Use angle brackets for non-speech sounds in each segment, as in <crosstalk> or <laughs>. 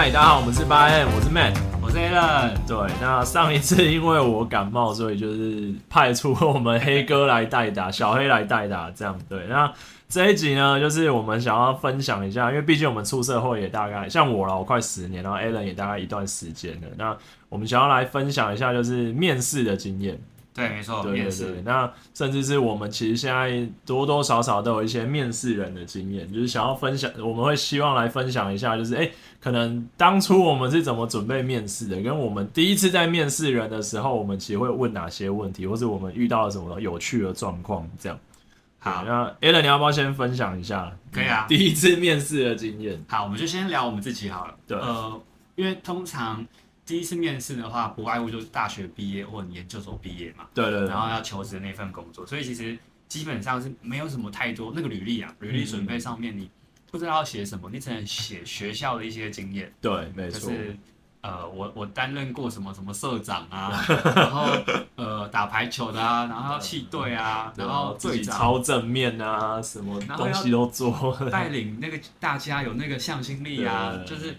嗨，大家好，我們是 8AM，我是 Matt，我是 Alan，對，那上一次因為我感冒，所以就是派出我們黑哥來代打，小黑來代打，這樣。對，那這一集呢，就是我們想要分享一下，因為畢竟我們出社會也大概像我了，我快十年了，Alan 也大概一段時間了。那我們想要來分享一下，就是面試的經驗。對，沒錯，面試。那甚至是我們其實現在多多少少都有一些面試人的經驗，就是想要分享，我們會希望來分享一下，就是哎、欸，可能當初我們是怎麼準備面試的，跟我們第一次在面試人的時候，我們其實會問哪些問題，或是我們遇到了什麼有趣的狀況，這樣。好，那 Alan，你要不要先分享一下？可以啊，第一次面試的經驗。好，我們就先聊我們自己好了。對，呃，因為通常。第一次面試的話，不外乎就是大學畢業或你研究所畢業嘛，對，對對。然後要求職的那份工作，所以其實基本上是沒有什麼太多那個履歷啊，履歷準備上面你不知道要寫什麼，嗯，你只能寫學校的一些經驗。對，沒錯，嗯就是。呃，我我擔任過什麼什麼社長啊， <laughs> 然後呃打排球的啊，然後氣隊啊對，然後隊長，超正面啊，什麼東西都做，帶領那個大家有那個向心力啊，就是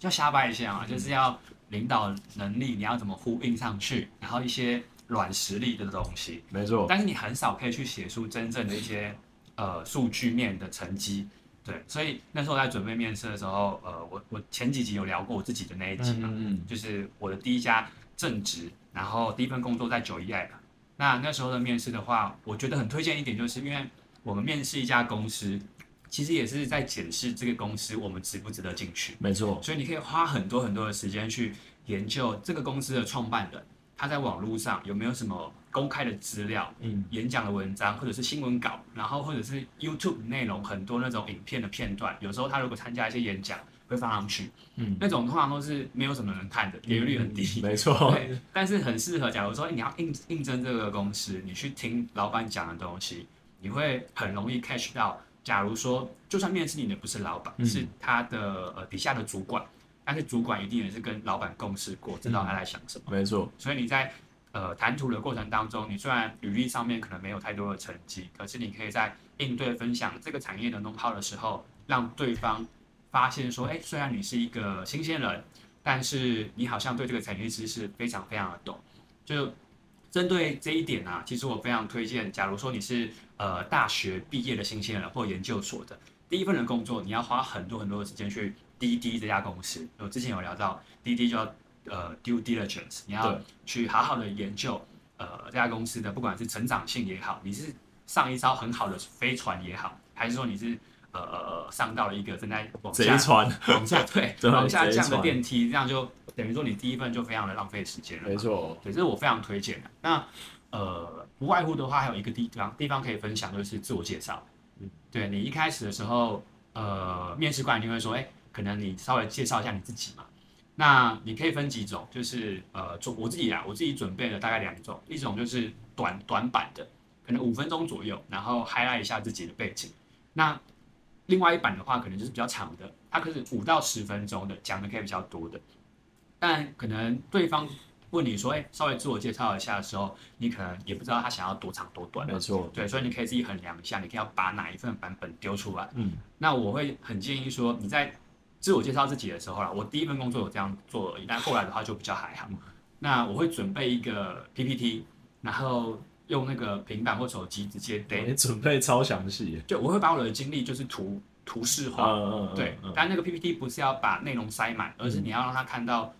要瞎掰一下嘛，嗯，就是要。領導能力你要怎麼呼應上去？然後一些軟實力的東西，沒錯。但是你很少可以去寫出真正的一些、嗯、呃數據面的成績，對。所以那時候我在準備面試的時候，呃，我我前幾集有聊過我自己的那一集嘛，嗯嗯，就是我的第一家正職，然後第一份工作在九一愛。那那時候的面試的話，我覺得很推薦一點，就是因為我們面試一家公司。其實也是在檢視這個公司，我們值不值得進去？沒錯，所以你可以花很多很多的時間去研究這個公司的創辦人，他在網絡上有沒有什麼公開的資料、嗯、演講的文章，或者是新聞稿，然後或者是 YouTube 內容，很多那種影片的片段。有時候他如果參加一些演講，會放上去。嗯，那種通常都是沒有什麼人看的，點擊率很低。嗯、對，沒錯，但是很適合，假如說你要應應徵這個公司，你去聽老板講的東西，你會很容易 catch 到。假如說，就算面試你的不是老闆，嗯、是他的呃底下的主管，但是主管一定也是跟老闆共事過，知道他在想什麼。嗯、沒錯，所以你在呃談吐的過程當中，你雖然履歷上面可能沒有太多的成績，可是你可以在應對分享這個產業的 know how 的時候，讓對方發現說，誒，雖然你是一個新鮮人，但是你好像對這個產業知識非常非常的懂。就針對這一點啊，其實我非常推薦，假如說你是。呃，大學畢業的新鮮人或研究所的第一份的工作，你要花很多很多的時間去滴滴這家公司。我之前有聊到滴滴，就要呃 due diligence，你要去好好的研究呃這家公司的，不管是成長性也好，你是上一艘很好的飛船也好，還是說你是呃上到了一個正在往下一船往下對， <laughs> 對往下降的電梯，這，這樣就等於說你第一份就非常的浪費時間了。沒錯，對，這是我非常推薦的。那呃。不外乎的話，還有一個地方地方可以分享，就是自我介紹。嗯，對，你一開始的時候，呃，面試官就會說，誒，可能你稍微介紹一下你自己嘛。那你可以分幾種，就是呃，我我自己啊，我自己準備了大概兩種，一種就是短短版的，可能五分鐘左右，然後 highlight 一下自己的背景。那另外一版的話，可能就是比較長的，它可是五到十分鐘的，講的可以比較多的，但可能對方。問你說，欸，稍微自我介紹一下的時候，你可能也不知道他想要多長多短，沒錯，對，所以你可以自己衡量一下，你可以要把哪一份版本丟出來。嗯，那我會很建議說，你在自我介紹自己的時候啦，我第一份工作我這樣做而已，但後來的話就比較還好。 <laughs> 那我會準備一個 PPT，然後用那個平板或手機直接，哦。你準備超詳細。就我會把我的經歷就是圖圖示化。嗯、對、嗯，但那個 PPT 不是要把內容塞滿，而是你要讓他看到。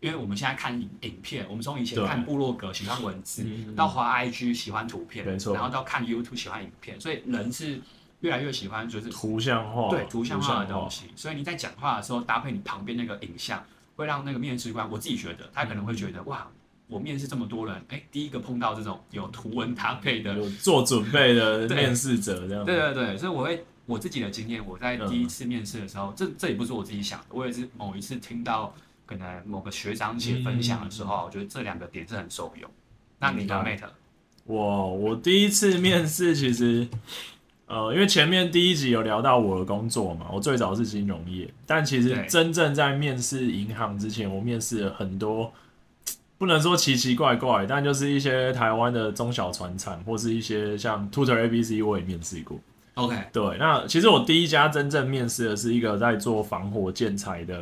因為我們現在看影，影片，我們從以前看部落格喜歡文字，嗯、到滑 IG 喜歡圖片，然後到看 YouTube 喜歡影片，所以人是越來越喜歡就是圖像化，對圖像化的東西。所以你在講話的時候搭配你旁邊那個影像，會讓那個面試官，我自己覺得他可能會覺得哇，我面試這麼多人，哎、欸，第一個碰到這種有圖文搭配的、有做準備的面試者，這樣。對對對，所以我會我自己的經驗，我在第一次面試的時候，嗯、這這也不是我自己想的，我也是某一次聽到。可能某個學長一起分享的時候，嗯、我覺得這兩個點是很受用。那你的 Matt？哇，我第一次面試其實，呃，因為前面第一集有聊到我的工作嘛，我最早是金融業，但其實真正在面試銀行之前，我面試了很多，不能說奇奇怪怪，但就是一些台灣的中小傳產，或是一些像 Tutor ABC，我也面試過。OK，對，那其實我第一家真正面試的是一個在做防火建材的。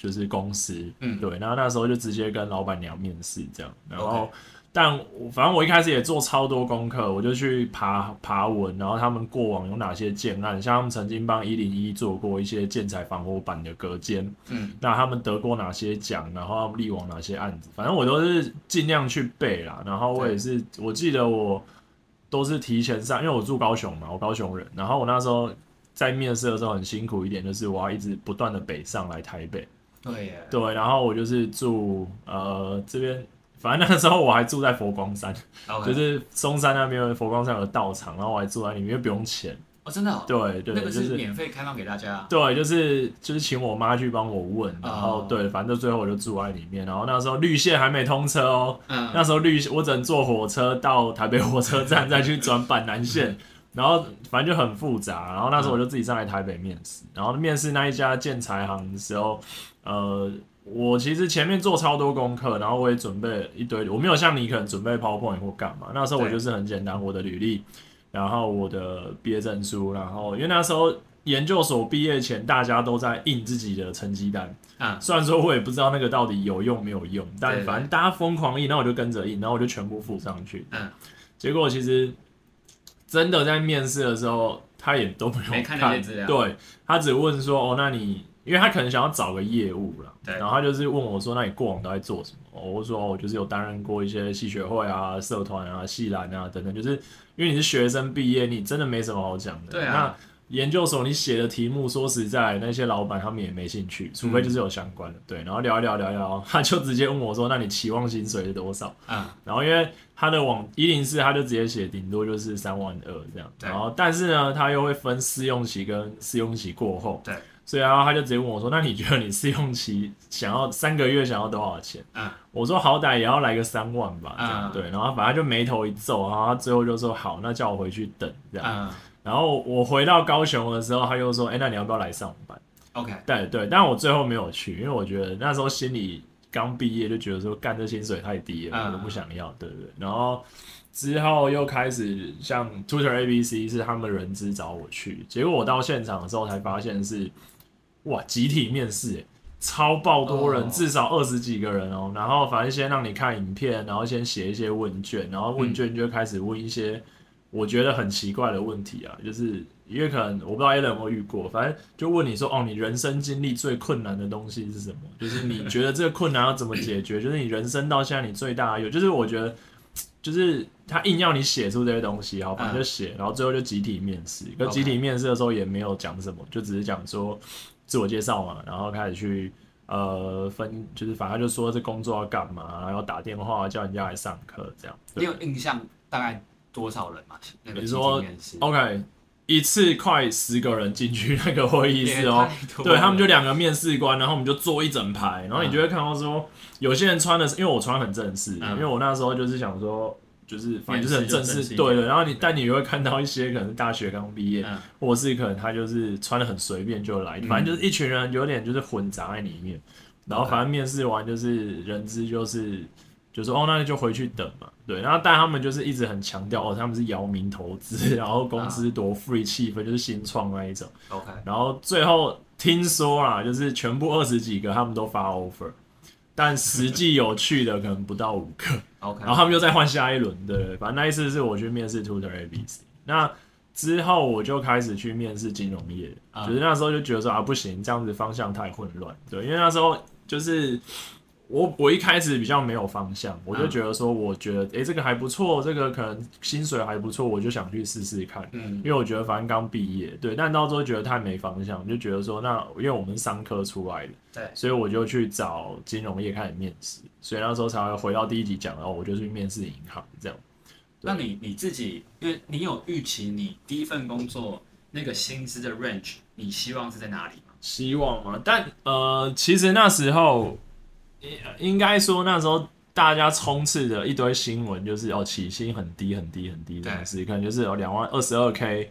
就是公司，嗯，對，然後那時候就直接跟老闆娘面試這樣，然後，Okay. 但我反正我一開始也做超多功課，我就去爬爬文，然後他們過往有哪些建案，像他們曾經幫一零一做過一些建材防火板的隔間，嗯，那他們得過哪些獎，然後立往哪些案子，反正我都是盡量去背啦，然後我也是，我記得我都是提前上，因為我住高雄嘛，我高雄人，然後我那時候在面試的時候很辛苦一點，就是我要一直不斷的北上來台北。對，對，然後我就是住呃這邊，反正那個時候我還住在佛光山，okay. 就是松山那邊佛光山有個道場，然後我還住在裡面，又不用錢。Oh, 哦，真的？對對，那個是免費開放給大家、啊就是。對，就是就是請我媽去幫我問，然後、嗯、對，反正最後我就住在裡面。然後那時候綠線還沒通車哦，嗯、那時候綠線我只能坐火車到台北火車站再去轉板南線。 <laughs> 嗯然後反正就很複雜，然後那時候我就自己上來台北面試、嗯，然後面試那一家建材行的時候，呃，我其實前面做超多功課，然後我也準備了一堆，我沒有像你可能準備拋 o w 或幹嘛，那時候我就是很簡單，我的履歷，然後我的畢業證書，然後因為那時候研究所畢業前大家都在印自己的成績單，啊、嗯，雖然說我也不知道那個到底有用沒有用，但反正大家瘋狂印，對對然後我就跟着印，然後我就全部附上去，嗯，結果其實。真的在面試的時候，他也都沒有看，看。對，他只問說哦，那你，因為他可能想要找個業務啦，然後他就是問我說，那你過往都在做什麼？哦、我說我、哦、就是有擔任過一些系學會啊、社團啊、系籃啊等等，就是因為你是學生畢業，你真的沒什麼好講的。對、啊那研究所，你寫的題目，說實在，那些老闆他們也沒興趣，嗯，除非就是有相關的，對。然後聊一聊，聊一聊，他就直接問我說：“那你期望薪水是多少？”啊、嗯、然後因為他的網一零四，他就直接寫頂多就是三萬二這樣。對。然後但是呢，他又會分試用期跟試用期過後。對。所以然後他就直接問我說：“那你覺得你試用期想要三個月想要多少錢？”嗯、我說：“好歹也要來個三萬吧這樣。嗯”對。然後反正就眉頭一皺，然後他最後就說：“好，那叫我回去等這樣。嗯”然後我回到高雄的時候，他又說：“哎，那你要不要來上班？”OK，對對，但我最後沒有去，因為我覺得那時候心裡剛畢業就覺得說幹這薪水太低了，我、uh... 不想要，對不對？然後之後又開始像 TutorABC ABC，是他們人資找我去，結果我到現場的時候才發現是哇，集體面試誒，超爆多人，oh. 至少二十幾個人哦。然後反正先讓你看影片，然後先寫一些問卷，然後問卷就開始問一些。嗯我覺得很奇怪的問題啊，就是因為可能我不知道 Alan 有沒有遇過，反正就問你說，哦，你人生經歷最困難的東西是什麼？就是你覺得這個困難要怎麼解決？就是你人生到現在你最大有，就是我覺得，就是他硬要你寫出這些東西，好，反正就寫，然後最後就集體面試。跟集體面試的時候也沒有講什麼，就只是講說自我介紹嘛，然後開始去呃分，就是反正就說這工作要幹嘛，然後打電話叫人家來上課這樣。你有印象大概？多少人嘛？比如說，OK，、嗯、一次快十個人進去那個會議室哦、喔。對他們就兩個面試官，然後我們就坐一整排，然後你就會看到說、嗯，有些人穿的是，因為我穿很正式、嗯，因為我那時候就是想說，就是反正就是很正式，正式對對。然後你但你也會看到一些可能大學剛畢業，或是可能他就是穿的很隨便就來、嗯，反正就是一群人有點就是混雜在裡面、嗯，然後反正面試完就是、嗯、人資就是。就說哦，那你就回去等嘛，對。然後但他們就是一直很強調哦，他們是姚明投資，然後公司多 free，氣、啊、氛就是新創那一種。OK。然後最後聽說啦，就是全部二十幾個他們都發 offer，但實際有去的可能不到五個。OK。 <laughs> 然後他們又再換下一輪對，okay. 反正那一次是我去面試 Tutor ABC。那之後我就開始去面試金融業，嗯、就是那時候就覺得說啊不行，這樣子方向太混亂。對，因為那時候就是。我我一開始比較沒有方向，嗯、我就覺得說，我覺得哎、欸，這個還不錯，這個可能薪水還不錯，我就想去試試看。嗯，因為我覺得反正剛畢業，對，但到時候覺得太沒方向，就覺得說，那因為我們商科出來的，對，所以我就去找金融業開始面試。所以那時候才會回到第一集講，然後我就去面試銀行這樣。那你你自己，因為你有預期你第一份工作那個薪資的 range，你希望是在哪裡嗎？希望啊，但呃，其實那時候。嗯應應該說那時候大家充斥的一堆新聞就是哦，起薪很低很低很低的樣子，可能就是哦，兩萬二十二 K，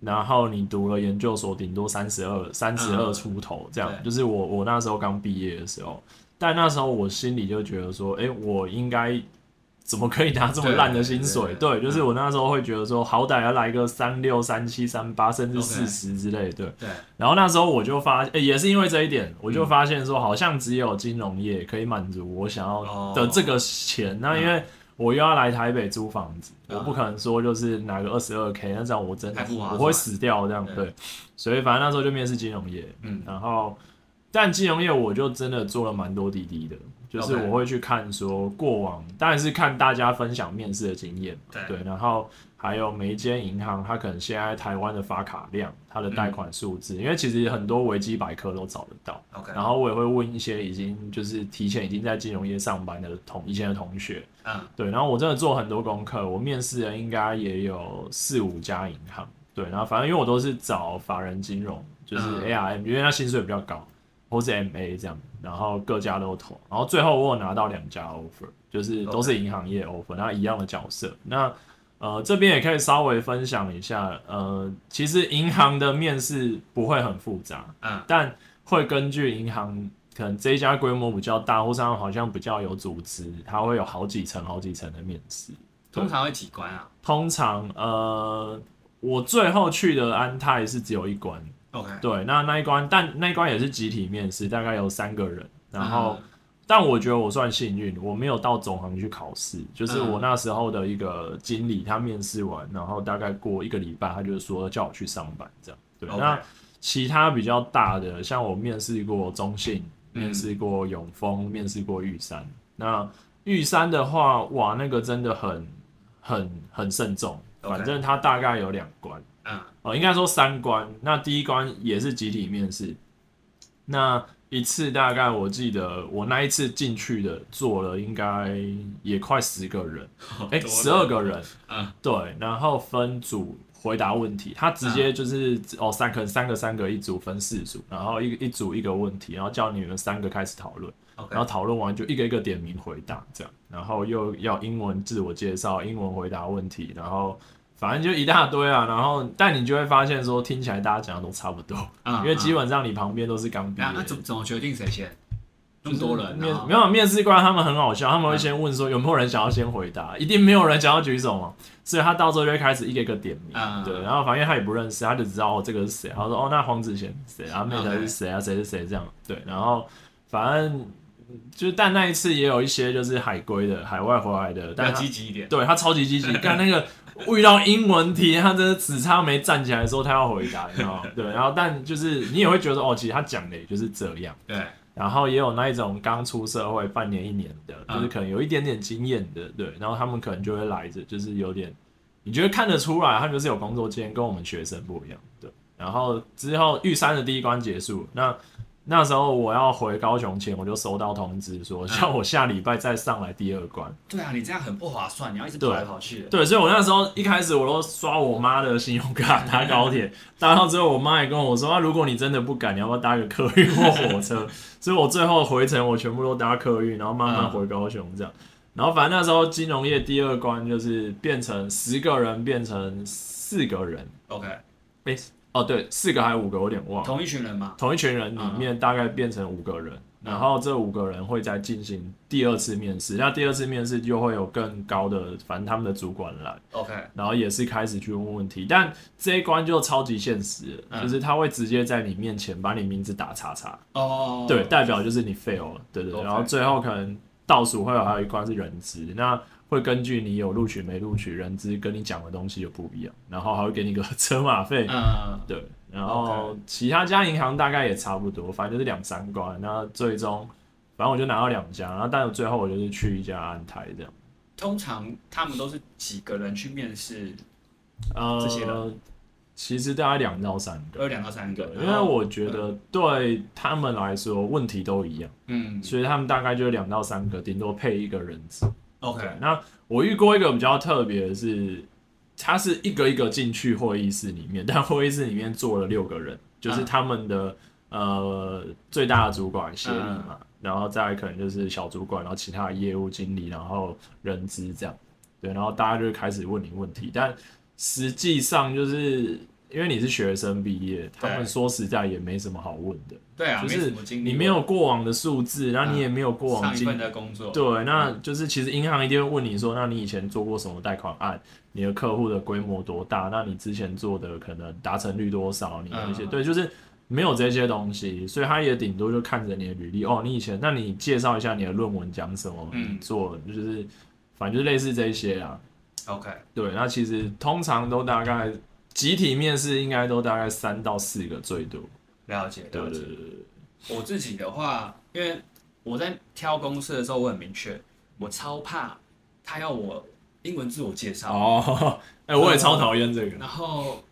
然後你讀了研究所頂多三十二三十二出頭這樣，嗯、就是我我那時候剛畢業的時候，但那時候我心裡就覺得說，哎、欸，我應該。怎麼可以拿這麼爛的薪水？對，對，對，對，對，就是我那時候會覺得說，好歹要來個三六、三七、三八，甚至四十之類的。對。Okay. 然後那時候我就發、欸，也是因為這一點，我就發現說，好像只有金融業可以滿足我想要的這個錢、哦。那因為我又要來台北租房子，嗯、我不可能說就是拿個二十二 K，那這樣我真的我會死掉這樣對。所以反正那時候就面試金融業，嗯，然後但金融業我就真的做了蠻多滴滴的。就是我會去看說過往，當然是看大家分享面試的經驗嘛，對。然後還有每一間銀行，它可能現在台灣的發卡量、它的貸款數字，嗯，因為其實很多維基百科都找得到。OK。然後我也會問一些已經就是提前已經在金融業上班的同，以前的同學，嗯，對。然後我真的做很多功課，我面試的應該也有四五家銀行，對。然後反正因為我都是找法人金融，就是 ARM，嗯，因為他薪水比較高。或是 MA 這樣，然後各家都投，然後最後我有拿到兩家 offer，就是都是銀行業 offer，那、okay. 一樣的角色。那呃這邊也可以稍微分享一下，呃其實銀行的面試不會很複雜，嗯，但會根據銀行可能這一家規模比較大，或是好像比較有組織，它會有好幾層好幾層的面試，通常會幾關啊？通常呃我最後去的安泰是只有一關。Okay. 對，那那一關，但那一關也是集體面試，大概有三個人。然後，嗯、但我覺得我算幸運，我沒有到總行去考試。就是我那時候的一個經理，他面試完，然後大概過一個禮拜，他就說叫我去上班這樣。對，okay. 那其他比較大的，像我面試過中信，面試過永豐、嗯，面試過玉山。那玉山的話，哇，那個真的很很很慎重。Okay. 反正他大概有兩關。哦，應該說三關。那第一關也是集體面試。那一次大概我記得，我那一次進去的做了，應該也快十個人，哎、哦欸，十二個人。嗯、啊，對。然後分組回答問題，他直接就是、啊、哦，三個人，三個三個一組，分四組，然後一個一組一個問題，然後叫你們三個開始討論，Okay. 然後討論完就一個一個點名回答這樣。然後又要英文自我介紹，英文回答問題，然後。反正就一大堆啊，然後但你就會發現說，聽起來大家講的都差不多，哦嗯、因為基本上你旁邊都是剛畢業、欸。那、嗯、怎、嗯嗯嗯嗯就是、怎麼決定誰先？那麼多人沒有面試官，他們很好笑，他們會先問說、嗯、有沒有人想要先回答，一定沒有人想要舉手嘛，所以他到時候就會開始一個，一個一個點名。嗯、對，然後反正他也不認識，他就知道哦這個是誰，他說哦那黃子賢是誰啊那、OK，妹子是誰啊，誰是誰這樣。對，然後反正就但那一次也有一些就是海歸的，海外回來的，要積極一點。他對他超級積極，但 <laughs> 那個。遇到英文題，他真的只差沒站起來說，他要回答，你知道嗎？對，然後但就是你也會覺得哦，其實他講的也就是這樣。對，然後也有那一種剛出社會半年一年的，就是可能有一點點經驗的，嗯、對，然後他們可能就會來着，就是有點你覺得看得出來，他們就是有工作經驗，跟我們學生不一樣對，然後之後玉山的第一關結束，那。那時候我要回高雄前，我就收到通知說，叫我下禮拜再上來第二關。對啊，你這樣很不划算，你要一直跑來跑去。對，對，所以我那時候一開始我都刷我媽的信用卡搭高鐵，搭到最後我媽也跟我說，啊、如果你真的不敢，你要不要搭個客運或火車？ <laughs> 所以，我最後回程我全部都搭客運，然後慢慢回高雄這樣。然後，反正那時候金融業第二關就是變成十個人變成四個人。OK，沒事。欸。哦，對，四個還是五個，有點忘。同一群人嘛，同一群人裡面大概變成五個人，uh -huh. 然後這五個人會再進行第二次面試。Uh -huh. 那第二次面試就會有更高的，反正他們的主管來，OK，然後也是開始去問問題。但這一關就超級現實，uh -huh. 就是他會直接在你面前把你名字打叉叉哦，uh -huh. 對，代表就是你 fail 了，對對，對，okay. 然後最後可能倒數會有還有一關是人資，uh -huh. 那。會根據你有錄取沒錄取，人資跟你講的東西就不一樣，然後還會給你個車馬費，嗯，對，然後其他家銀行大概也差不多，反正就是兩三關，那最終反正我就拿到兩家，然後但是最後我就是去一家安泰這樣。通常他們都是幾個人去面試這些？呃，其實大概兩到三個，呃，兩到三個，因為我覺得對他們來說問題都一樣，嗯，所以他們大概就兩到三個，頂多配一個人資。OK，那我遇過一個比較特別的是，他是一個一個進去會議室裡面，但會議室裡面坐了六個人，就是他們的、嗯、呃最大的主管協理嘛、嗯，然後再來可能就是小主管，然後其他的業務經理，然後人資這樣，對，然後大家就開始問你問題，但實際上就是。因為你是學生畢業，他們說實在也沒什麼好問的。對啊，就是你沒有過往的數字、啊，然後你也沒有過往經歷的工作。對，那就是其實銀行一定會問你說，那你以前做過什麼貸款案？你的客戶的規模多大？那你之前做的可能達成率多少？你那些嗯嗯對，就是沒有這些東西，所以他也頂多就看着你的履歷哦，你以前那你介紹一下你的論文講什麼？嗯、做就是反正就是類似這些啊。OK，對，那其實通常都大概、嗯。集體面試應該都大概三到四個最多。了解，了解對對對，我自己的話，因為我在挑公司的時候，我很明確，我超怕他要我英文自我介紹。哦、欸，我也超討厭這個。然後，然後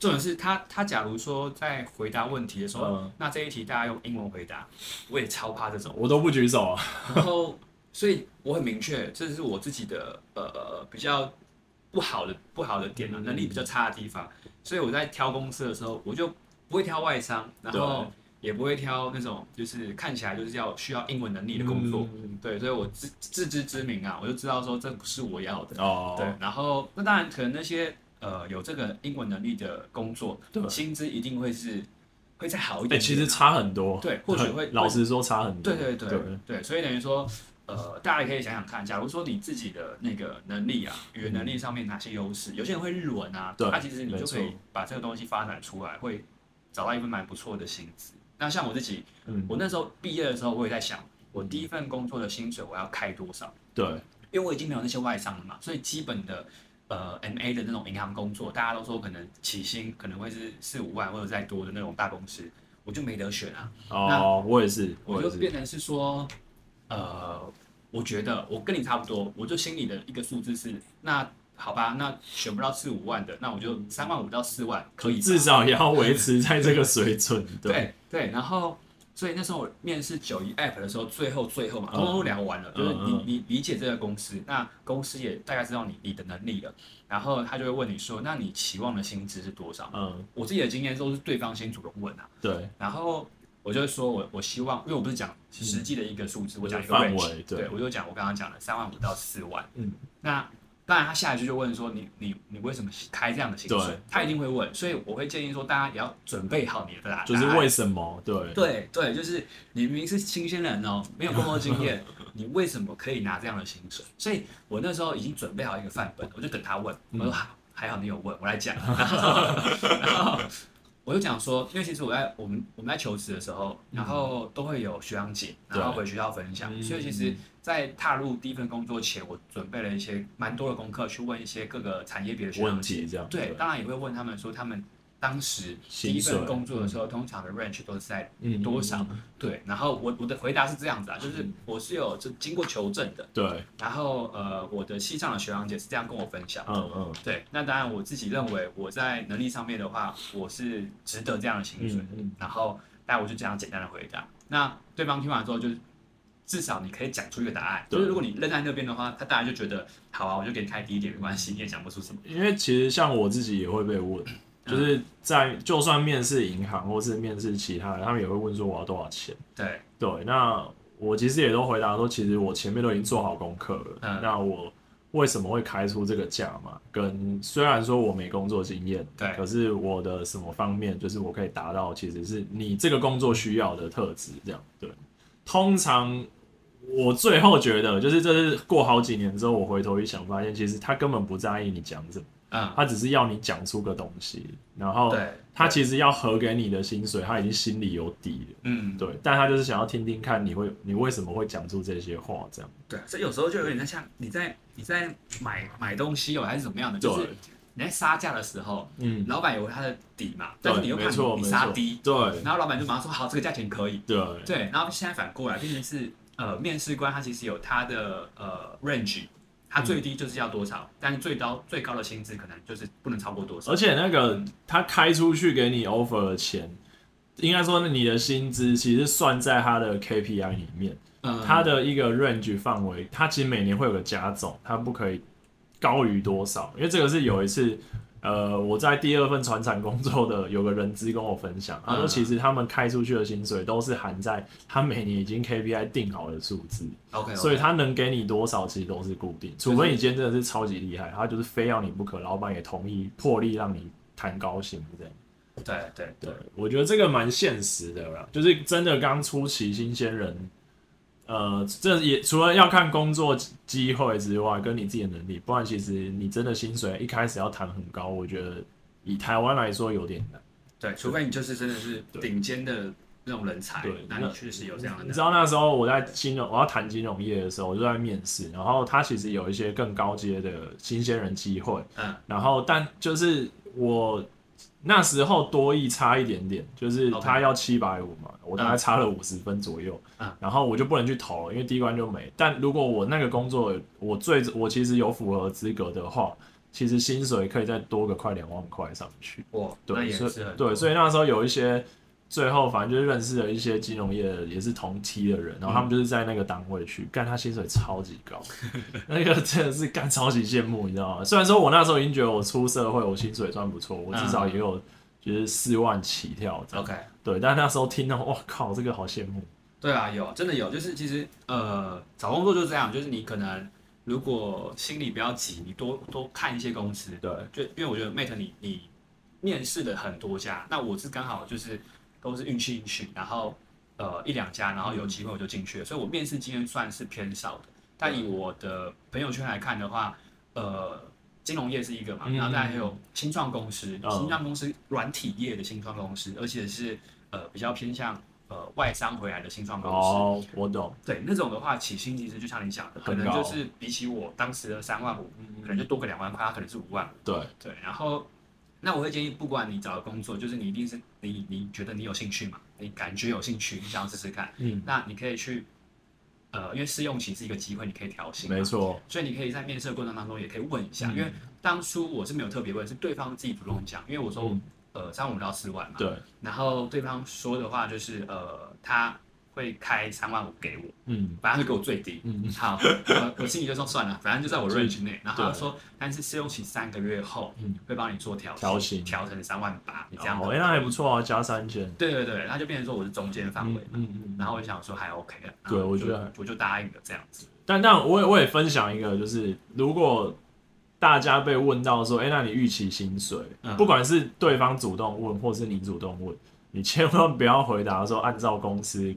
重點是他，他假如說在回答問題的時候，嗯、那這一題大家用英文回答，我也超怕這種，我都不舉手啊。然後，所以我很明確，這是我自己的呃比較。不好的，不好的點啊，能力比較差的地方，所以我在挑公司的時候，我就不會挑外商，然後也不會挑那種就是看起來就是要需要英文能力的工作。嗯、對，所以我自自知之明啊，我就知道說這不是我要的。哦。對，然後那當然可能那些呃有這個英文能力的工作，對，薪資一定會是會再好一點，點、欸。其實差很多。對，或許會老實說差很多。對對對對，對，對，對，對，對，所以等於說。呃，大家也可以想想看，假如說你自己的那個能力啊，語言能力上面哪些優勢，嗯。有些人會日文啊，他、啊、其實你就可以把這個東西發展出來，會找到一份蠻不錯的薪資。那像我自己，嗯、我那時候畢業的時候，我也在想、嗯，我第一份工作的薪水我要開多少？對，因為我已經沒有那些外商了嘛，所以基本的呃，MA 的那種銀行工作，大家都說可能起薪可能會是四五萬或者再多的那種大公司，我就沒得選啊。哦，我也是，我就變成是說。呃，我覺得我跟你差不多，我就心裡的一個數字是，那好吧，那選不到四五萬的，那我就三萬五到四萬可以。至少也要維持在這個水準。 <laughs> 對對，對，然後所以那時候我面試九一 app 的時候，最後最後嘛，通通都聊完了，嗯、就是你你理解這個公司、嗯，那公司也大概知道你你的能力了，然後他就會問你說，那你期望的薪資是多少？嗯，我自己的經驗都是對方先主動問啊。對，然後。我就會說我，我我希望，因為我不是講實際的一個數字，嗯、我講一個範圍，對，我就講我剛剛講的三萬五到四萬。嗯，那當然，他下一句就問說你，你你你為什麼開這樣的薪水？他一定會問，所以我會建議說，大家也要準備好你的答案，就是為什麼？對，對對，就是你明明是新鮮人哦，沒有工作經驗， <laughs> 你為什麼可以拿這樣的薪水？所以，我那時候已經準備好一個範本，我就等他問。我說，還好你有問，我來講。嗯，然後 <laughs> 然後我就講說，因為其實我在我們我們在求職的時候，然後都會有學長姐，嗯、然後回學校分享，所以其實，在踏入第一份工作前、嗯，我準備了一些蠻多的功課，去問一些各個產業別的學長姐。對，對，當然也會問他們說他們當時第一份工作的時候，通常的 range 都是在多少？嗯嗯、對，然後我我的回答是這樣子啊，就是我是有就經過求證的。對，然後呃，我的系上的學長姐是這樣跟我分享。嗯嗯，對，那當然我自己認為我在能力上面的話，我是值得這樣的薪水。嗯嗯，然後但我就這樣簡單的回答。嗯、那對方聽完之後就，就至少你可以講出一個答案。對，就是如果你扔在那邊的話，他大家就覺得好啊，我就給你開低一點沒關係，你也講不出什麼。因為其實像我自己也會被問。就是在就算面試銀行或是面試其他，他們也會問說我要多少錢。對對，那我其實也都回答說，其實我前面都已經做好功課了。嗯，那我為什麼會開出這個價嘛？跟雖然說我沒工作經驗，對，可是我的什麼方面，就是我可以達到，其實是你這個工作需要的特質這樣。對，通常我最後覺得，就是這是過好幾年之後，我回頭一想，發現其實他根本不在意你講什麼。啊、嗯，他只是要你講出個東西，然後他其實要合給你的薪水，他已經心裡有底了。嗯，對，但他就是想要聽聽看你會，你為什麼會講出這些話這樣。對，所以有時候就有點像你在你在買買東西哦，還是怎麼樣的，就是你在殺價的時候，嗯，老板有他的底嘛，嗯、但是你又錯，你殺低，對，然後老板就馬上說、嗯、好，這個價錢可以，對對，然後現在反過來，變成是呃，面試官他其實有他的呃 range。它最低就是要多少，嗯、但是最高最高的薪資可能就是不能超過多少。而且那個、嗯、他開出去給你 offer 的錢，應該說你的薪資其實算在他的 KPI 裡面，嗯，他的一個 range 範圍，他其實每年會有個加總，他不可以高於多少，因為這個是有一次。嗯呃，我在第二份傳產工作的有個人資跟我分享，啊，他說，其實他們開出去的薪水都是含在他每年已經 KPI 定好的數字 okay，OK，所以他能給你多少其實都是固定，對對對，除非你今天真的是超級厲害，他就是非要你不可，老闆也同意破例讓你談高薪這樣。對，對對對，我覺得這個蠻現實的啦，就是真的剛出期新鮮人。呃，這也除了要看工作機會之外，跟你自己的能力。不然，其實你真的薪水一開始要談很高，我覺得以台灣來說有點難。對，除非你就是真的是頂尖的那種人才，對，那你確實有這樣的。你知道那時候我在金融，我要談金融業的時候，我就在面試。然後他其實有一些更高階的新鮮人機會。嗯。然後，但就是我。那時候多益差一點點，就是他要七百五嘛，Okay. 我大概差了五十分左右，嗯，然後我就不能去投了，因為第一關就沒。但如果我那個工作，我最我其實有符合資格的話，其實薪水可以再多個快兩萬塊上去。哇，那也是所以對，所以那時候有一些。最後反正就是認識了一些金融業的也是同梯的人，然後他們就是在那個單位去幹，他薪水超級高， <laughs> 那個真的是幹超級羨慕，你知道嗎？雖然說我那時候已經覺得我出社會，我薪水也算不錯，我至少也有就是四萬起跳這樣。OK，嗯、對，但那時候聽到哇靠，這個好羨慕。對啊，有真的有，就是其實呃，找工作就是這樣，就是你可能如果心裡比較急，你多多看一些公司，對，就因為我覺得 Mate，你你面試了很多家，那我是剛好就是。都是運氣運氣，然後呃一兩家，然後有機會我就進去了、嗯。所以我面試經驗算是偏少的。但以我的朋友圈來看的話，呃，金融業是一個嘛，嗯、然後再還有新創公司，嗯、新創公司軟體業的新創公司，而且是呃比較偏向呃外商回來的新創公司。哦，我懂。對那種的話，起薪其實就像你想的，可能就是比起我當時的三萬五、嗯，可能就多個兩萬塊，它可能是五萬。對對，然後。那我會建議，不管你找的工作，就是你一定是你你覺得你有興趣嘛，你感覺有興趣，你想要試試看。嗯，那你可以去，呃，因為試用期是一個機會，你可以調薪啊。沒錯，所以你可以在面試過程當中也可以問一下，嗯，因為當初我是沒有特別問，是對方自己主動講，因為我說，嗯，呃，三五到四萬嘛。對。然後對方說的話就是，呃，他。會開三萬五給我，嗯，反正就給我最低，嗯嗯，好， <laughs> 可我心就說算了，反正就在我 range 內。然後他說，但是試用期三個月後，嗯，會幫你做調調薪，調成三萬八這樣。哦，欸，那還不錯啊，加三千。對對對，他就變成說我是中間範圍，嗯嗯，嗯，然後我就想說還 OK，對，我覺得就我就答應了這樣子。但但我也我也分享一個，就是如果大家被問到說，欸，那你預期薪水，嗯，不管是對方主動問，或是你主動問，你千萬不要回答說按照公司。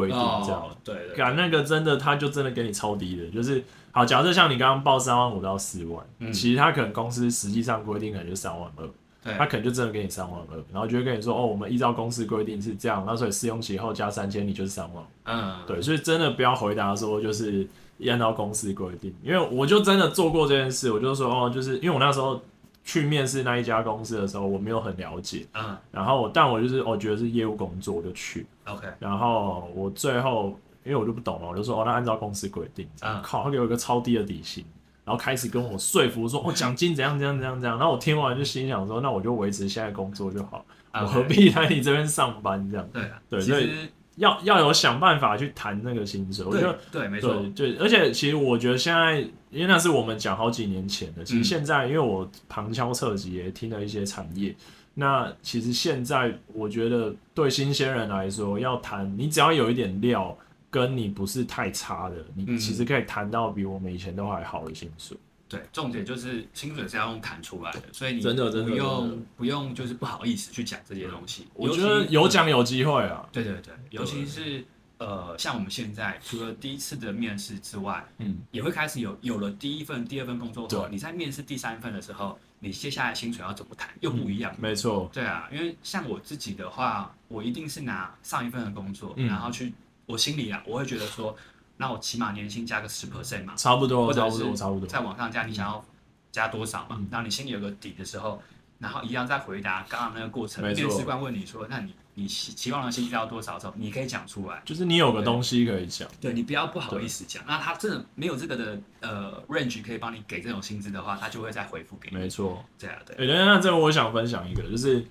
規定這樣，oh, 對，敢那個真的，他就真的給你超低的，就是好。假設像你剛剛報三萬五到四萬，嗯、其實他可能公司實際上規定可能就三萬二，他可能就真的給你三萬二，然後就會跟你說哦，我們依照公司規定是這樣，那所以試用期後加三千，你就是三萬，嗯，對，所以真的不要回答說就是依照公司規定，因為我就真的做過這件事，我就說哦，就是因為我那時候。去面試那一家公司的時候，我沒有很了解，嗯，然後但我就是、哦、我覺得是業務工作，我就去，OK，然後我最後因為我就不懂了，我就說哦，那按照公司規定，嗯。靠，他給我一個超低的底薪，然後開始跟我說服說，說我獎金怎樣怎樣怎樣怎樣，然後我聽完就心想說，那我就維持現在工作就好，okay. 我何必在你這邊上班這樣？對啊，對，所以。要要有想辦法去談那個薪水，我覺得對，對，沒錯，對，而且其實我覺得現在，因為那是我們講好幾年前的、嗯、其實現在因為我旁敲側擊也聽了一些產業、嗯，那其實現在我覺得對新鮮人來說，要談，你只要有一點料，跟你不是太差的，你其實可以談到比我們以前都還好的薪水。嗯嗯。對，重點就是薪水是要用談出來的，所以你不用真的真的真的真的不用就是不好意思去講這些東西。我覺得有講有機會啊。對，對對對，尤其是呃，像我們現在除了第一次的面試之外，嗯，也會開始有有了第一份、第二份工作後，你在面試第三份的時候，你接下來薪水要怎麼談又不一樣、嗯。沒錯，對啊，因為像我自己的話，我一定是拿上一份的工作，然後去、嗯、我心裡啊，我會覺得說。那我起碼年薪加個十 percent 嘛，差不多，差不多，差不多。再往上加，嗯，你想要加多少嘛？然，嗯嗯，你心裡有個底的時候，然後一樣再回答剛剛那個過程。面試官問你說：“那你你期望的薪資要多少？”之後你可以講出來，就是你有個東西可以講。對，你不要不好意思講。那他這沒有這個的呃 range 可以幫你給這種薪資的話，他就會再回復給你。沒錯，這樣對、啊對欸。那這我想分享一個，嗯，就是。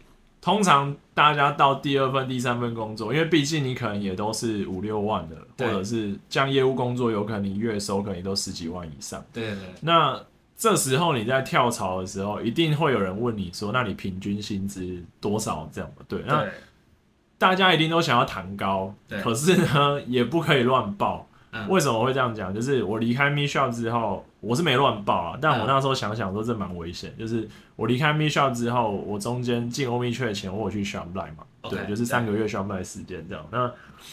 通常大家到第二份，第三份工作，因為畢竟你可能也都是五六萬的，或者是像業務工作，有可能你月收可能也都十幾萬以上。對、對、對。那這時候你在跳槽的時候，一定會有人問你說：“那你平均薪資多少？”這樣嘛？對。那大家一定都想要談高，可是呢，也不可以亂報。嗯。為什麼會這樣講？就是我離開米少之後。我是沒亂報啊，但我那時候想想說這蠻危險，哎，就是我離開米少之後，我中間進 Omicron 前，我有去 Shopline 嘛，okay, 對，就是三個月 Shopline 時間這樣。嗯、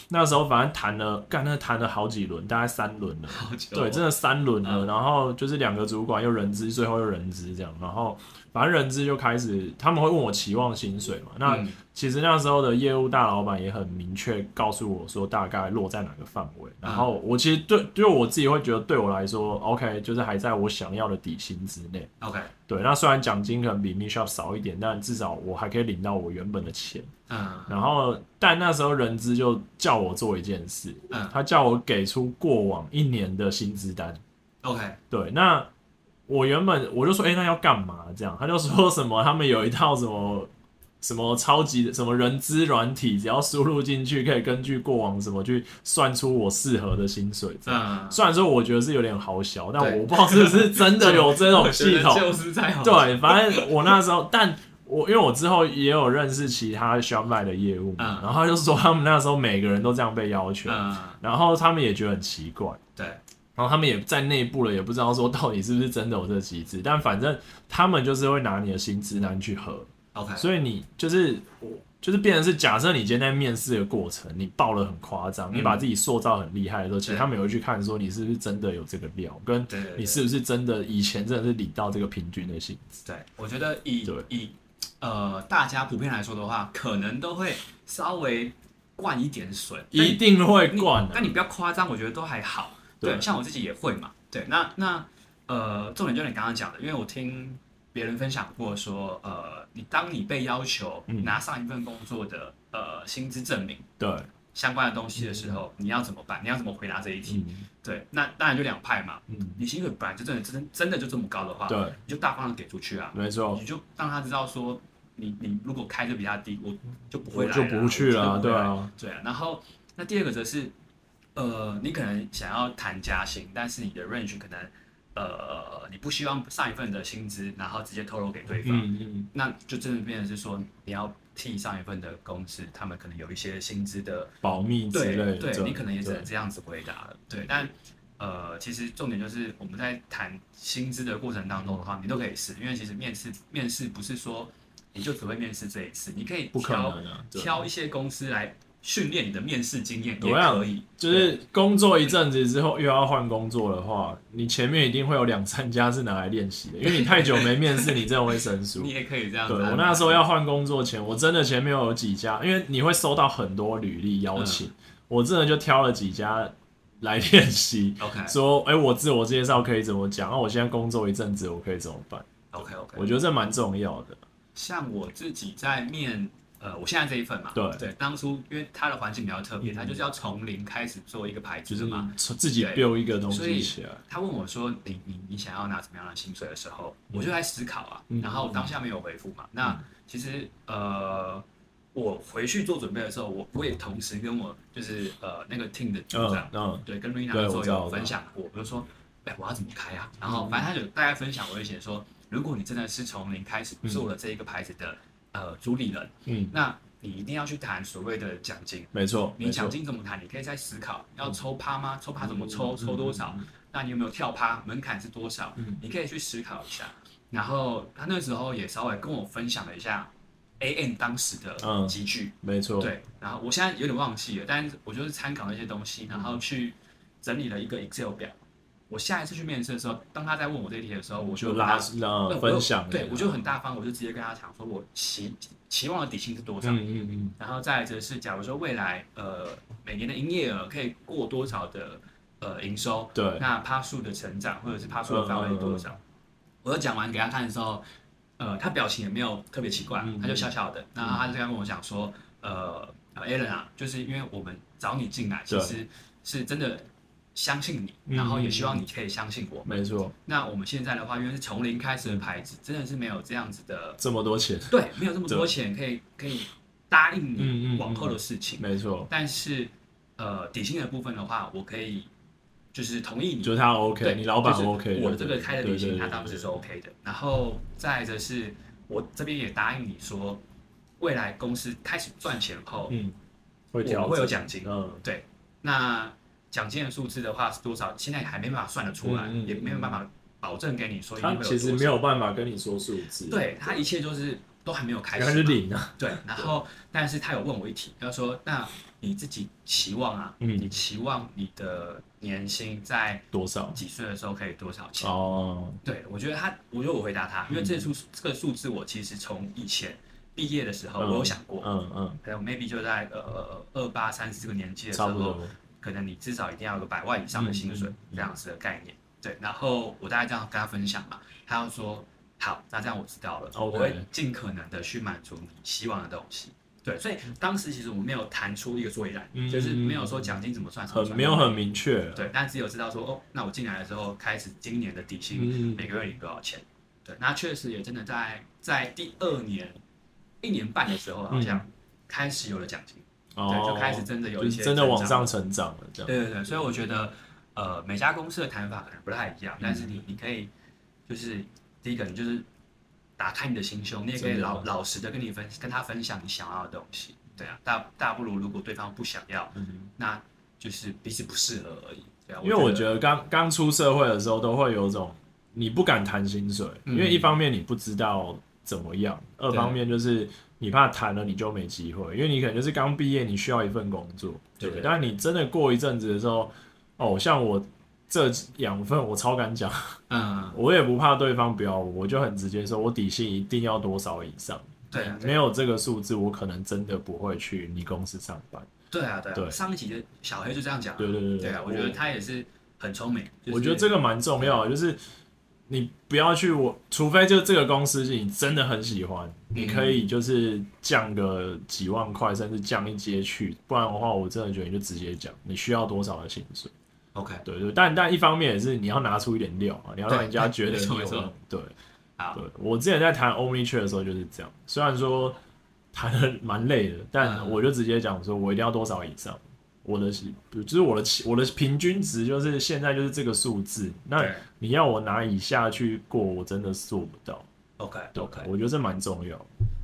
那那時候反正談了，幹，那談了好幾輪，大概三輪了，對，真的三輪了、嗯。然後就是兩個主管又人資，最後又人資這樣，然後反正人資就開始他們會問我期望薪水嘛。那、嗯、其實那時候的業務大老闆也很明確告訴我說大概落在哪個範圍，嗯。然後我其實對對我自己會覺得對我來說 OK，就是。還在我想要的底薪之內。OK，對，那雖然獎金可能比 Meshop 少一點，但至少我還可以領到我原本的錢。嗯、uh -huh.，然後但那時候人資就叫我做一件事，嗯、uh -huh.，他叫我給出過往一年的薪資單。OK，對，那我原本我就說，哎、欸，那要幹嘛？這樣他就說什麼，他們有一套什麼。什麼超級的什麼人資軟體，只要輸入進去，可以根據過往什麼去算出我適合的薪水。嗯，雖然說我覺得是有點好小，但我不知道是不是真的有這種系統。 <laughs> 就就是才好對，反正我那時候， <laughs> 但我因為我之後也有認識其他 s h <laughs> 賣的業務嘛，嗯，然後就是說他們那時候每個人都這樣被要求，嗯，然後他們也覺得很奇怪，對，然後他們也在內部了，也不知道說到底是不是真的有這機制，但反正他們就是會拿你的薪資單去核。嗯 Okay, 所以你就是我，就是變成是假設你今天在面試的過程，你爆了很誇張，嗯，你把自己塑造很厲害的時候，其實他們有會去看說你是不是真的有這個料，對對對，跟你是不是真的以前真的是領到這個平均的薪資？對，我覺得以以，以呃大家普遍來說的話，可能都會稍微灌一點水，一定會灌，啊，但你不要誇張，我覺得都還好對。對，像我自己也會嘛。對，那那呃，重點就是你剛剛講的，因為我聽。別人分享過說，呃，你當你被要求拿上一份工作的、嗯、呃薪資證明，對，相關的東西的時候、嗯，你要怎麼辦？你要怎麼回答這一題？嗯、對，那當然就兩派嘛。嗯，你薪水本來就真的真真的就這麼高的話，對，你就大方的給出去啊，沒錯，你就讓他知道說，你你如果開的比他低，我就不會來，就不去了不，對啊，對啊。然後那第二個則是，呃，你可能想要談加薪，但是你的 range 可能。呃，你不希望上一份的薪資，然後直接透露給對方，嗯嗯嗯、那就真的變成是說，你要替上一份的公司，他們可能有一些薪資的保密之類的對對，對，你可能也只能這樣子回答。對，對對但呃，其實重點就是我們在談薪資的過程當中的話，你都可以試、嗯，因為其實面試面試不是說你就只會面試這一次，你可以挑、不可能、啊、挑一些公司來。訓練你的面試經驗也可以，就是工作一陣子之後又要換工作的話，你前面一定會有兩三家是拿來練習的，因為你太久沒面試，你真的會生疏。你也可以這樣。對，我那時候要換工作前，我真的前面有幾家，因為你會收到很多履歷邀請、嗯，我真的就挑了幾家來練習。OK，說哎、欸，我自我介紹可以怎麼講？那我現在工作一陣子，我可以怎麼辦？OK，OK，、okay, okay. 我覺得這蠻重要的。像我自己在面。呃，我現在這一份嘛，對，對對當初因為它的環境比較特別、嗯，它就是要從零開始做一個牌子嘛，從、嗯、自己來丟一個東西，所以他問我說：“你你你想要拿什麼樣的薪水的時候、嗯，我就在思考啊。然後當下沒有回復嘛、嗯。那其實呃，我回去做準備的時候，我我也同時跟我、嗯、就是呃那個聽的組長、嗯嗯，對，跟瑞娜做有分享，過我我分享過。我就說，哎、欸，我要怎麼開啊？嗯、然後反正他就大家分享，我就寫說，如果你真的是從零開始做了這一個牌子的。嗯嗯呃，主理人，嗯，那你一定要去談所謂的獎金，沒錯，你獎金怎麼談？你可以再思考，要抽趴嗎？抽趴怎麼抽、嗯？抽多少？那你有沒有跳趴？門檻是多少、嗯？你可以去思考一下。然後他那時候也稍微跟我分享了一下 A M 當時的級距、嗯，沒錯，對。然後我現在有點忘記了，但是我就是參考那些東西，然後去整理了一個 Excel 表。我下一次去面試的時候，當他在問我這一題的時候，我就，跟他就拉、那個、分享我就，對我就很大方，我就直接跟他講說我，我期期望的底薪是多少？嗯嗯、然後再者是，假如說未來呃每年的營業額可以過多少的呃營收？對。那趴數的成長，或者是趴數的範圍有多少？嗯嗯嗯、我講完給他看的時候，呃，他表情也沒有特別奇怪、嗯嗯嗯，他就笑笑的。然、嗯、後他就跟我講說，說，呃 Alan 啊，就是因為我們找你進來，其實是真的。相信你，然後也希望你可以相信我、嗯。沒錯。那我們現在的話，因為是從零開始的牌子，真的是沒有這樣子的這麼多錢。對，沒有這麼多錢可以可以答應你往後的事情。嗯嗯嗯嗯、沒錯。但是，呃，底薪的部分的話，我可以就是同意你，就是他 OK，對你老板 OK，是我這個開的底薪他當時是 OK 的。對對對對對對對對，然後再者是我這邊也答應你說，未來公司開始賺錢後，嗯，會我會有獎金。嗯，對。那獎金的數字的話是多少？現在還沒辦法算得出來，嗯嗯、也沒辦法保證給你說有沒有。他其實沒有辦法跟你說數字。對，對他一切就是都還沒有開始。要去領啊。對，然後但是他有問我一題，他、就是、說：“那你自己期望啊，嗯、你期望你的年薪在多少幾歲的時候可以多少錢？”哦，對我覺得他，我覺得我回答他，因為這數、嗯、這個數字我其實從以前畢業的時候、嗯、我有想過，嗯嗯，還有 maybe 就在、嗯、呃二八三四這個年紀的時候。可能你至少一定要有個百萬以上的薪水，這樣子的概念，嗯。對，然後我大概這樣跟他分享嘛，他就說好，那這樣我知道了，我會盡可能的去滿足你希望的東西。Okay. 對，所以當時其實我們沒有談出一個作業來，就是沒有說獎金怎麼算，什麼算，很沒有很明確。對，但只有知道說哦，那我進來的時候開始今年的底薪每個月領多少錢。嗯、對，那確實也真的在在第二年一年半的時候，好像開始有了獎金。嗯 Oh, 對，就開始真的有一些、就是、真的往上成長了，這樣。對對對，所以我覺得，呃，每家公司的談法可能不太一樣，mm -hmm. 但是你你可以，就是第一個，你就是打開你的心胸，你也可以老老實的跟你分跟他分享你想要的東西，對啊。大大不如，如果對方不想要，mm -hmm. 那就是彼此不適合而已。啊、因為我覺得剛剛出社會的時候，都會有一種你不敢談薪水、嗯，因為一方面你不知道怎麼樣，嗯、二方面就是。你怕談了你就沒機會，因為你可能就是剛畢業，你需要一份工作，對不對，對，對？但是你真的過一陣子的時候，哦，像我這兩份，我超敢講，嗯、啊，我也不怕對方不要我，我就很直接說，我底薪一定要多少以上，對，啊對啊，沒有這個數字，我可能真的不會去你公司上班。對啊，對啊，對上一集的小黑就這樣講，對對對對，對啊我，我覺得他也是很聰明，就是、我覺得這個蠻重要的，啊、就是。你不要去我，除非就這個公司你真的很喜歡，你可以就是降個幾萬塊，嗯，甚至降一階去，不然的話，我真的覺得你就直接講你需要多少的薪水。OK，對對、對，但但一方面也是你要拿出一點料啊，你要讓人家覺得你有，對、對、沒錯，對。我之前在談歐米茄的時候就是這樣，雖然說談的蠻累的，但我就直接講，說我一定要多少以上。我的是，就是我的，我的平均值就是現在就是這個數字。那你要我拿以下去過，我真的做不到。OK，OK，okay, okay. 我覺得這蠻重要。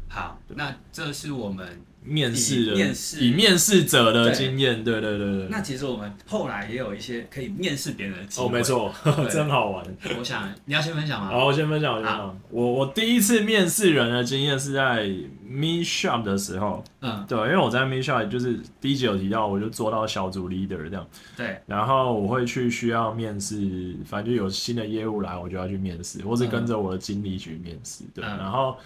好，那這是我們。面試的，以面試者的經驗，對對對對。那其實我們後來也有一些可以面試別人的經驗。哦，沒錯，真好玩。我想，你要先分享嗎？好，我先分享。我先分享，我，我第一次面試人的經驗是在 Meet Shop 的時候。嗯，對，因為我在 Meet Shop，就是第一集有提到，我就做到小組 leader 這樣。對。然後我會去需要面試，反正就有新的業務來，我就要去面試，或是跟着我的經理去面試。嗯。對。然後。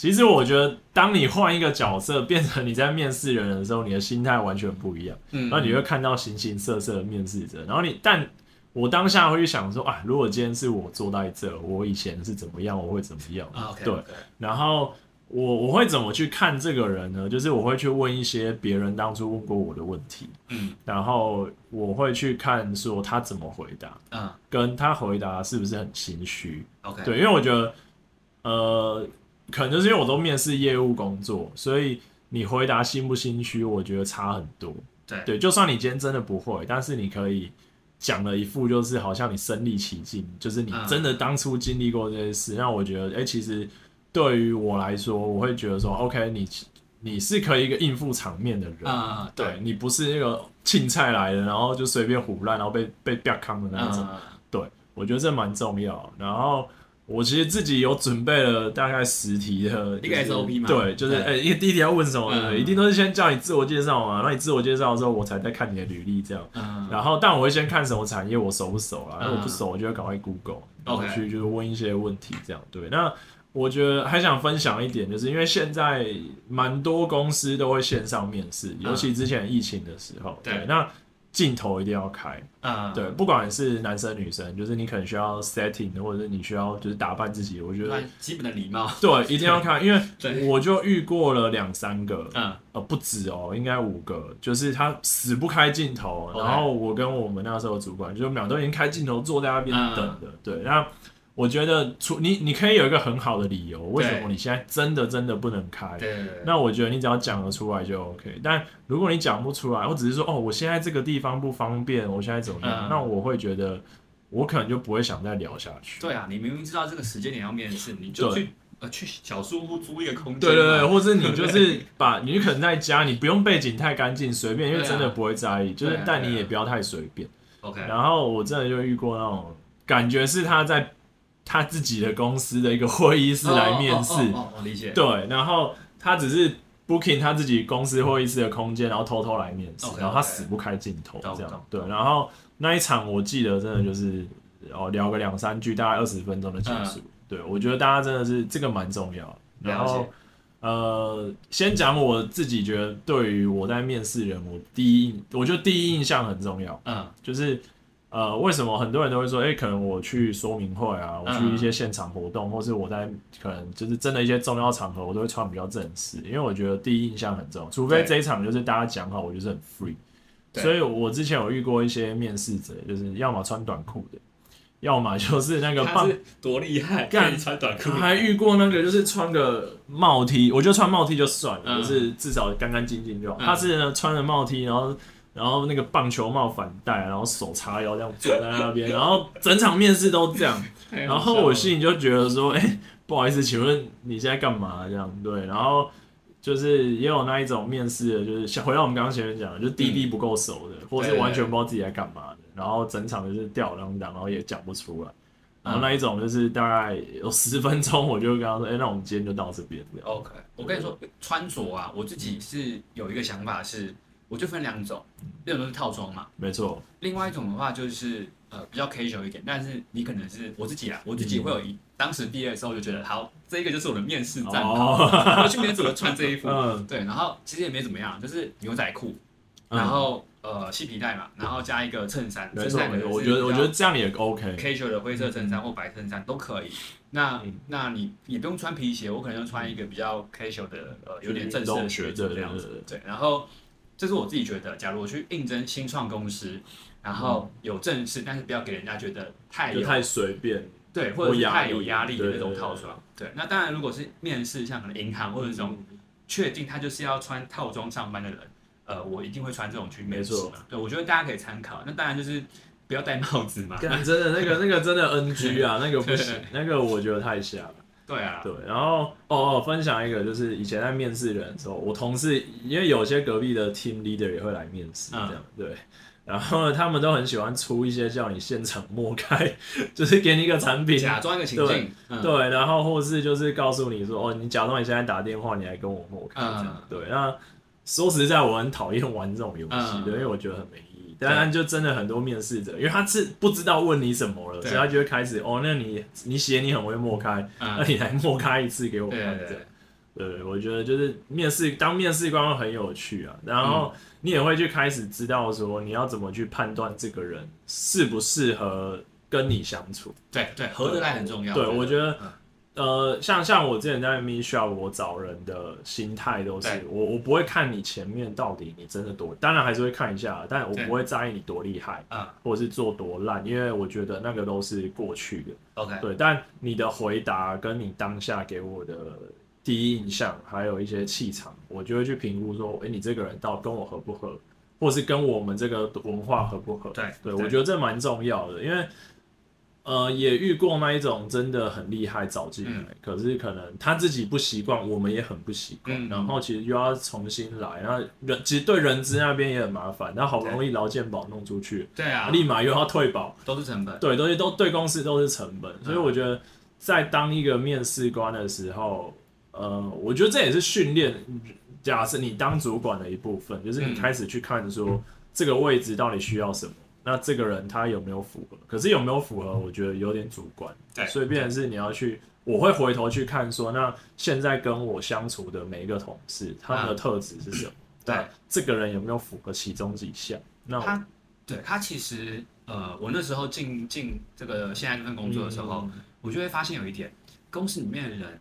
其實我覺得，當你換一個角色，變成你在面試人的時候，你的心態完全不一樣。嗯，嗯，然後你會看到形形色色的面試者。然後你，但我當下會去想說，啊，如果今天是我坐在這，我以前是怎麼樣，我會怎麼樣？啊、okay, okay. 對。然後我我會怎麼去看這個人呢？就是我會去問一些別人當初問過我的問題。嗯。然後我會去看說他怎麼回答，嗯，跟他回答是不是很心虛、okay. 對，因為我覺得，呃。可能就是因為我都面試業務工作，所以你回答心不心虛，我覺得差很多。對，對就算你今天真的不會，但是你可以講了一副就是好像你身歷其境，就是你真的當初經歷過這些事，讓、嗯、我覺得，哎、欸，其實對於我來說，我會覺得說，OK，你你是可以一個應付場面的人啊、嗯，對，對你不是那個青菜來的、嗯、的，然後就隨便胡亂，然後被被掉坑的那種。對，我覺得這蠻重要，然後。我其實自己有準備了大概十題的、就是，一個 SOP 嘛，對，就是誒，第、欸、一題要問什麼、嗯？一定都是先叫你自我介紹嘛、啊。那你自我介紹之後，我才在看你的履歷這樣、嗯。然後，但我會先看什麼產業我熟不熟啊、嗯？如果不熟，我就要趕快 Google 然後去，就是問一些問題這樣。對，okay. 那我覺得還想分享一點，就是因為現在蠻多公司都會線上面試，尤其之前疫情的時候，對，對對那。鏡頭一定要開，嗯，對，不管是男生女生，就是你可能需要 setting，或者你需要就是打扮自己，我覺得基本的禮貌對，對，一定要開，因為我就遇過了兩三個，呃，不止哦、喔，應該五個，就是他死不開鏡頭，然後我跟我們那時候主管就秒都已經開鏡頭坐在那邊等的，嗯，對，然後。我覺得，你，你可以有一個很好的理由，為什麼你現在真的真的不能開？對對對對，那我覺得你只要講得出來就 OK。但如果你講不出來，或只是說哦，我現在這個地方不方便，我現在怎麼樣？嗯、那我會覺得我可能就不會想再聊下去。對啊，你明明知道這個時間點要面試，你就去對對對，呃去小樹屋租一個空間，對對對，或者你就是把你可能在家，你不用背景太乾淨，隨便，因為真的不會在意，對對對，就是對對對，但你也不要太隨便。OK。然後我真的就遇過那種感覺是他在。他自己的公司的一個會議室來面試，哦、oh, oh, oh, oh, oh, oh, oh，我理解。對，然後他只是 booking 他自己公司會議室的空間，然後偷偷來面試，oh, okay, 然後他死不開鏡頭，這樣。Oh, okay, okay. 對，然後那一場，我記得真的就是哦，oh, 聊個兩三句，嗯、大概二十分鐘的結束。Uh, 對，我覺得大家真的是這個蠻重要。了解。然後，呃，先講我自己覺得，對於我在面試人，我第一，我覺得第一印象很重要。嗯，就是。呃，為什麼很多人都會說，哎、欸，可能我去說明會啊，我去一些現場活動，嗯嗯，或是我在可能就是真的一些重要場合，我都會穿比較正式，因為我覺得第一印象很重要。除非這一場就是大家講好，我就是很 free。所以我之前有遇過一些面試者，就是要麼穿短褲的，要麼就是那個棒多厲害，幹，可以穿短褲，還遇過那個就是穿個帽 T，我覺得穿帽 T 就算了，嗯、就是至少乾干淨淨就好、嗯。他是呢穿了帽 T，然後。然後那個棒球帽反戴，然後手叉腰這樣坐在那邊， <laughs> 然後整場面試都這樣。然後我心裡就覺得說：“哎、欸，不好意思，請問你現在幹嘛？”這樣對。然後就是也有那一種面試的，就是回到我們剛剛前面講的，就是滴滴不夠熟的、嗯，或是完全不知道自己在幹嘛的，對對對然後整場就是吊兒郎當，然後也講不出來、嗯。然後那一種就是大概有十分鐘，我就跟他說：“哎、欸，那我們今天就到這邊。這樣” OK，我跟你說，穿着啊，我自己是有一個想法是。我就分兩種，這種都是套裝嘛，沒錯。另外一種的話就是，呃，比較 casual 一點，但是你可能是、嗯、我自己啊，我自己會有一、嗯，當時畢業的時候就覺得，好，這一個就是我的面試戰袍，我、哦、去面試都穿這一服、嗯？對。然後其實也沒怎麼樣，就是牛仔褲、嗯，然後呃，繫皮帶嘛，然後加一個襯衫。沒、嗯、錯，我覺得我覺得這樣也 OK，casual 的灰色襯衫或白襯衫都可以。嗯、那那你你不用穿皮鞋，我可能要穿一個比較 casual 的，嗯、呃，有點正式的靴子這樣子、嗯對對對對。對，然後。這是我自己覺得，假如我去應徵新創公司，然後有正式，但是不要給人家覺得太有太隨便，對，或者太有壓力的那種套裝。對，那當然如果是面試，像可能銀行或者這種確定他就是要穿套裝上班的人，呃，我一定會穿這種去面試。沒錯，對，我覺得大家可以參考。那當然就是不要戴帽子嘛。真的那個那個真的 NG 啊， <laughs> 那個不行，那個我覺得太瞎。對啊，對，然後哦哦，分享一個就是以前在面試人的時候，我同事因為有些隔壁的 team leader 也會來面試，這樣對，然後他們都很喜歡出一些叫你現場 mock call，就是給你一個產品，假裝一個情境，對，嗯、對然後或是就是告訴你說哦，你假裝你現在打電話，你來跟我 mock call、嗯、這樣，對，那說實在我很討厭玩這種遊戲，嗯、對，因為我覺得很沒。當然，就真的很多面試者，因為他是不知道問你什麼了，所以他就會開始哦，那你你寫你很會默開、嗯，那你來默開一次給我看對,對,對,對，我覺得就是面試當面試官很有趣啊，然後你也會去開始知道說你要怎麼去判斷這個人適不適合跟你相處。對對，合得來很重要。對，對我,對我覺得。嗯呃，像像我之前在 Michelle，我找人的心態都是，我我不會看你前面到底你真的多，當然還是會看一下，但我不會在意你多厲害，嗯，或是做多爛，因為我覺得那個都是過去的，OK，對。但你的回答跟你當下給我的第一印象，嗯、還有一些氣場，我就會去評估說，誒、欸，你這個人到跟我合不合，或是跟我們這個文化合不合，對，對，對我覺得這蠻重要的，因為。呃，也遇過那一種真的很厲害，找進來、嗯，可是可能他自己不習慣，我們也很不習慣、嗯，然後其實又要重新來，然後人其實對人資那邊也很麻煩，他好不容易勞健保弄出去，對啊，立馬又要退保、啊嗯，都是成本，對，都是都對公司都是成本、嗯，所以我覺得在當一個面試官的時候，呃，我覺得這也是訓練，假設你當主管的一部分，就是你開始去看說這個位置到底需要什麼。那這個人他有沒有符合？可是有沒有符合？我覺得有點主觀。對，啊、所以變成是你要去，嗯、我會回頭去看說，那現在跟我相處的每一個同事，啊、他們的特質是什麼？對、啊，這個人有沒有符合其中幾項？那他，對他其實呃，我那時候進進這個現在這份工作的時候、嗯，我就會發現有一點，公司裡面的人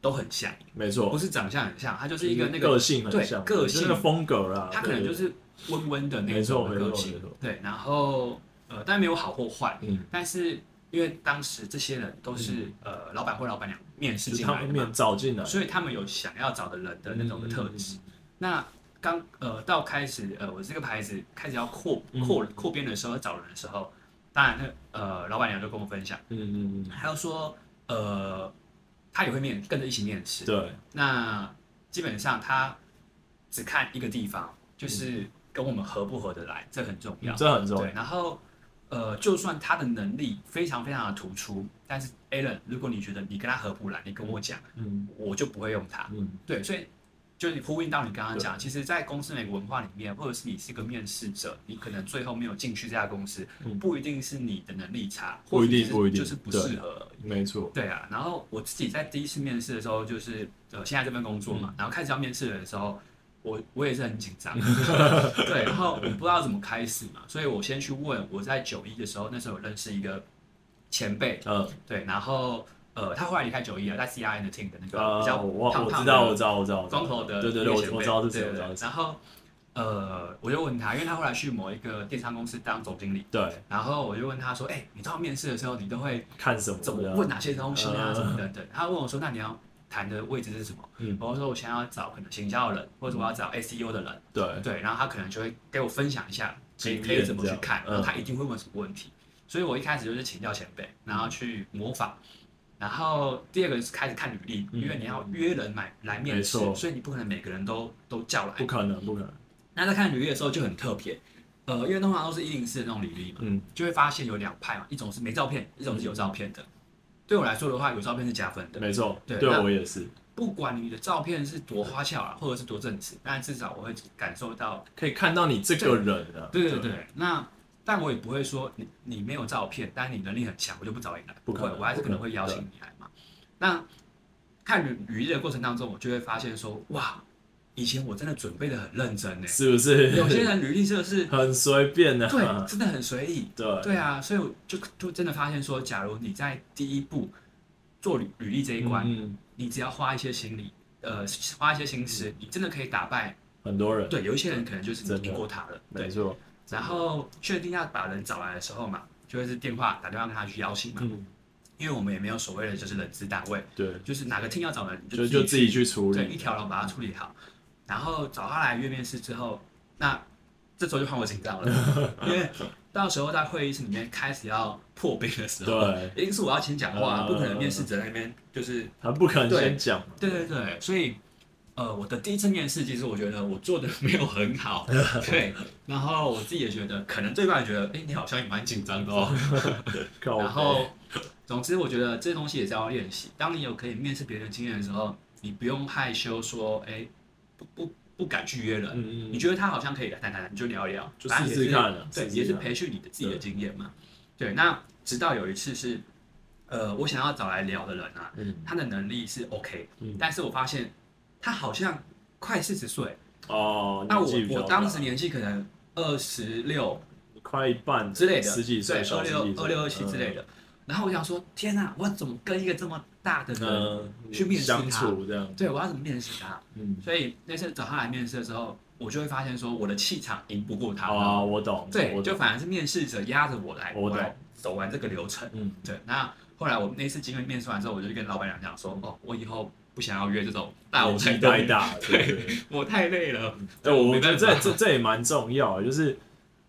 都很像，沒錯，不是長相很像，他就是一個那個一個個性很像，對個性、就是、那個風格啦，他可能就是。嗯溫溫的那種個性，對，然後呃，當然沒有好或壞、嗯，但是因為當時這些人都是、嗯、呃老闆或老闆娘面試進來的嘛，他們面招進的，所以他們有想要找的人的那種的特質、嗯。那剛呃到開始呃我這個牌子開始要擴擴擴編的時候找人的時候，當然、那個、呃老闆娘就跟我分享，嗯嗯嗯，還有說呃他也會面跟着一起面試，對，那基本上他只看一個地方，就是，嗯跟我們合不合得來，這很重要，嗯、這很重要對。然後，呃，就算他的能力非常非常的突出，但是 Alan，如果你覺得你跟他合不來，你跟我講，嗯，我就不會用他。嗯，對，所以就是呼應到你剛剛講，其實，在公司那個文化裡面，或者是你是一個面試者，你可能最後沒有進去這家公司，嗯、不一定是你的能力差，是不一定，不一定，就是不適合，沒錯，對啊。然後我自己在第一次面試的時候，就是呃，現在這份工作嘛，嗯、然後開始要面試的時候。我我也是很緊張， <laughs> 對，然後我不知道怎麼開始嘛，所以我先去問我在九一的時候，那時候我認識一個前輩，嗯、uh,，對，然後呃，他後來離開九一了，在 CIM 的 team 的那個比較胖胖的，呃，我我我知道我知道我知道，光頭的對對對，我知道，然後呃，我就問他，因為他後來去某一個電商公司當總經理，對。然後我就問他，說，哎、欸，你知道面試的時候你都會看什麼，問哪些東西啊，怎、uh, 麼等等，等等？他問我說，那你要。談的位置是什麼？嗯，或說我想要找可能請教的人、嗯，或者我要找 SEO 的人。對對，然後他可能就會給我分享一下，可以怎麼去看，然後他一定會問什麼問題、嗯。所以我一開始就是請教前輩，然後去模仿。然後第二個就是開始看履歷、嗯，因為你要約人來、嗯、來面試，所以你不可能每個人都都叫來，不可能不可能。那在看履歷的時候就很特別，呃，因為通常都是一零四的那種履歷嘛、嗯，就會發現有兩派嘛，一種是沒照片，一種是有照片的。嗯對我來說的話，有照片是加分的。沒錯，對，對那我也是。不管你的照片是多花俏啊，或者是多正直，但至少我會感受到，可以看到你這個人的對，對對對，對那但我也不會說你你沒有照片，但是你能力很強，我就不找你來。不會，我還是可能會邀請你來嘛。那看履履歷的過程當中，我就會發現說，哇。以前我真的準備的很認真呢、欸，是不是？有些人履歷社是，是 <laughs> 很隨便的、啊，對，真的很隨意。對，對啊，所以我就真的發現說，假如你在第一步做履履歷這一關嗯嗯，你只要花一些心理呃，花一些心思，嗯、你真的可以打敗很多人。對，有一些人可能就是你聽過他了對的，對沒錯。然後確定要把人找來的時候嘛，就會是電話打電話跟他去邀請嘛，嗯、因為我們也沒有所謂的就是人資單位，對，就是哪個廳要找的人，就就自己去處理，一條龍把它處理好。然後找他來約面試之後，那這時候就換我緊張了，因為到時候在會議室裡面開始要破冰的時候，對，一定是我要先講話，不可能面試者在那邊就是他不可能先講，對，對對對，所以呃，我的第一次面試，其實我覺得我做的沒有很好，對， <laughs> 然後我自己也覺得，可能對方也覺得，哎，你好像也蠻緊張的哦， <laughs> 然後總之我覺得這些東西也是要練習，當你有可以面試別人的經驗的時候，你不用害羞說，哎。不不不敢去約人、嗯，你覺得他好像可以來談談，你就聊一聊，就試試看、啊、是試試、啊，對，也是培訓你的自己的經驗嘛對。對，那直到有一次是，呃，我想要找來聊的人啊，嗯、他的能力是 OK，、嗯、但是我發現他好像快四十歲哦，那我我當時年紀可能二十六，快一半之類的，十幾歲，二六二六二七之類的、嗯。然後我想說，天哪、啊，我怎麼跟一個這麼大的呢，呃、去面試他，對我要怎麼面試他、嗯？所以那次找他來面試的時候，我就會發現說我的氣場贏不過他哦。哦，我懂，對，我就反而是面試者壓着我來，我懂。我來走完這個流程。嗯，對。那後，後來我們那次機會面試完之後，我就跟老闆娘講說、嗯：“哦，我以後不想要約這種大舞台太大，對我太累了。太”，對我覺得這這這也蠻重要，就是。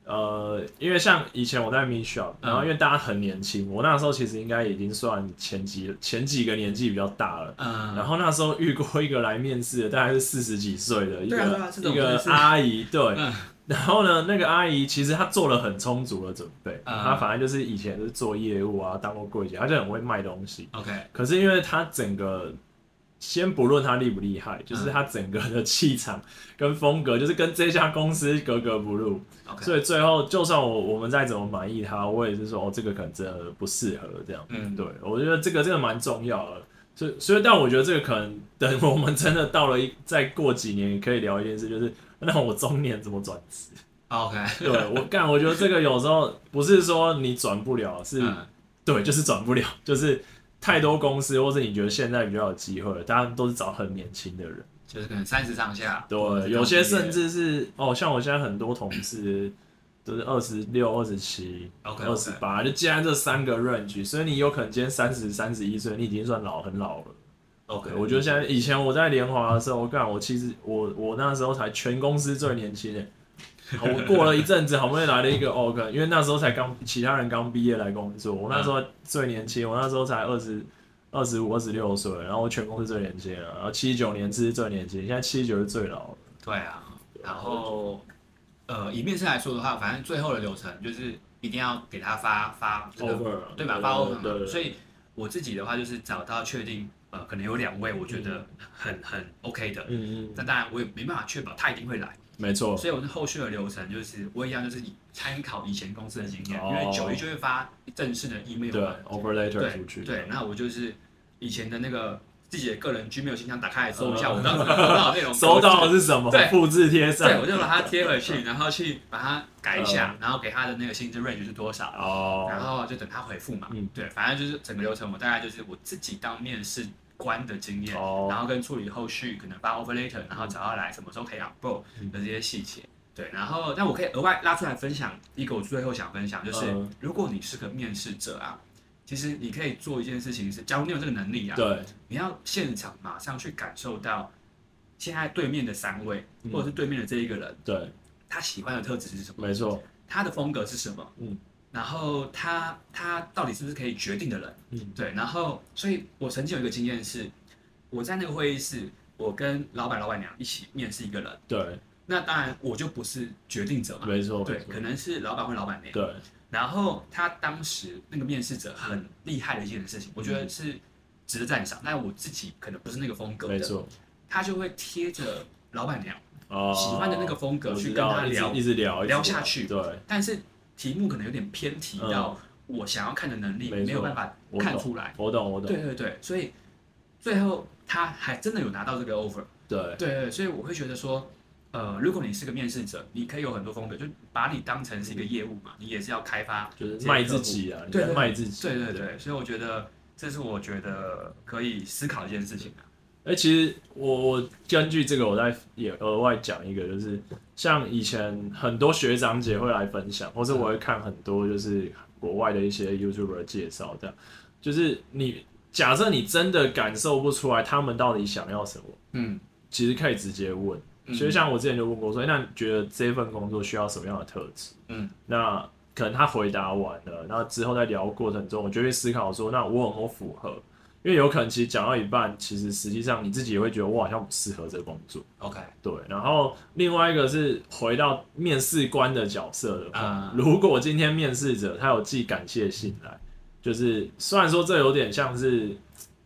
呃，因為像以前我在 Me Shop，然後因為大家很年輕，嗯，我那時候其實應該已經算前幾前幾個年紀比較大了。嗯。然後那時候遇過一個來面試的，大概是四十幾歲的一個，對啊對啊，一個阿姨，對，嗯。然後呢，那個阿姨其實她做了很充足的準備，嗯，她反正就是以前就是做業務啊，當過櫃姐，她就很會賣東西。OK。可是因為她整個。先不論他厲不厲害、嗯，就是他整個的氣場跟風格、嗯，就是跟這家公司格格不入。Okay. 所以最後，就算我我們再怎麼滿意他，我也是說哦，這個可能真的不適合這樣。嗯，對，我覺得這個真的蠻重要的。所以所以，但我覺得這個可能等我們真的到了一再 <laughs> 過幾年，可以聊一件事，就是那我中年怎麼轉職？OK，對我幹，我覺得這個有時候不是說你轉不了，是、嗯、對，就是轉不了，就是。太多公司，或是你覺得現在比較有機會，大家都是找很年輕的人，就是可能三十上下。對，有些甚至是哦，像我現在很多同事都是二十六、二十七、二十八，就既、是、然、okay, okay. 這三個 range。所以你有可能今天三十三十一歲，你已經算老很老了。OK，我覺得現在、okay. 以前我在聯華的時候，我幹，我其實我我那時候才全公司最年輕的。 <laughs> 我過了一陣子，好不容易來了一個 OK，因為那時候才剛其他人剛畢業來工作，我那時候最年輕，我那時候才二十二十五、二十六歲，然後我全公司最年輕，然後七十九年是最年輕，現在七十九是最老的。對啊，然後,然後呃，以面試來說的話，反正最後的流程就是一定要給他發發、這個、o f f e r 對吧？發 offer，所以我自己的話就是找到確定，呃，可能有兩位我覺得很、嗯、很 OK 的，嗯嗯，但當然我也沒辦法確保他一定會來。沒錯，所以我那後續的流程就是，我一樣就是以參考以前公司的經驗、哦，因為九一就會發正式的 email 對 offer letter 對對，對、嗯、對，那我就是以前的那個自己的個人 gmail 信箱打開來搜一下，到嗯、我那多少內容搜到的是、這個、是什麼？對，複製貼上，對我就把它貼回去、嗯，然後去把它改一下，嗯、然後給他的那個薪資 range 是多少？哦、然後就等他回復嘛、嗯，對，反正就是整個流程，我大概就是我自己當面試關的經驗，oh. 然後跟處理後續可能把 overlater 然後找到來、嗯、什麼時候可以不、啊、grow 的這些細節。嗯、對，然後但我可以額外拉出來分享一個，我最後想分享就是、嗯，如果你是個面試者啊，其實你可以做一件事情是，假如你有這個能力啊，對，你要現場馬上去感受到現在對面的三位、嗯、或者是對面的這一個人、嗯，對，他喜歡的特質是什麼？沒錯，他的風格是什麼？嗯。然後他他到底是不是可以決定的人？嗯，對。然後，所以，我曾經有一個經驗是，我在那個會議室，我跟老闆老闆娘一起面試一個人。對。那當然，我就不是決定者嘛。沒錯。對。可能是老闆或老闆娘。對。然後他當時那個面試者很厲害的一件事情，嗯、我覺得是值得讚賞、嗯。但我自己可能不是那個風格。沒錯。他就會貼着老闆娘喜歡的那個風格去跟他聊，一直聊一直聊，聊下去。對。但是。題目可能有點偏題，到我想要看的能力、嗯、沒，沒有辦法看出來。我懂，我懂。我懂，對對對，所以最後他還真的有拿到這個 offer 對。對對對，所以我會覺得說，呃，如果你是個面試者，你可以有很多風格，就把你當成是一個業務嘛，你也是要開發，就是、賣自己啊，對，賣自己對對對。對對對，所以我覺得這是我覺得可以思考一件事情啊。哎、欸，其實我我根據這個，我再也額外講一個，就是像以前很多學長姐會來分享，或者我會看很多就是國外的一些 YouTuber 的介紹，這樣，就是你假設你真的感受不出來他們到底想要什麼，嗯，其實可以直接問。所以像我之前就問過說、嗯欸，那你覺得這份工作需要什麼樣的特質？嗯，那可能他回答完了，然後之後在聊過程中，我就會思考說，那我很好符合。因為有可能，其實講到一半，其實實際上你自己也會覺得，我好像不適合這工作。OK，對。然後另外一個是回到面試官的角色的話，嗯、如果今天面試者他有寄感謝信來，就是雖然說這有點像是，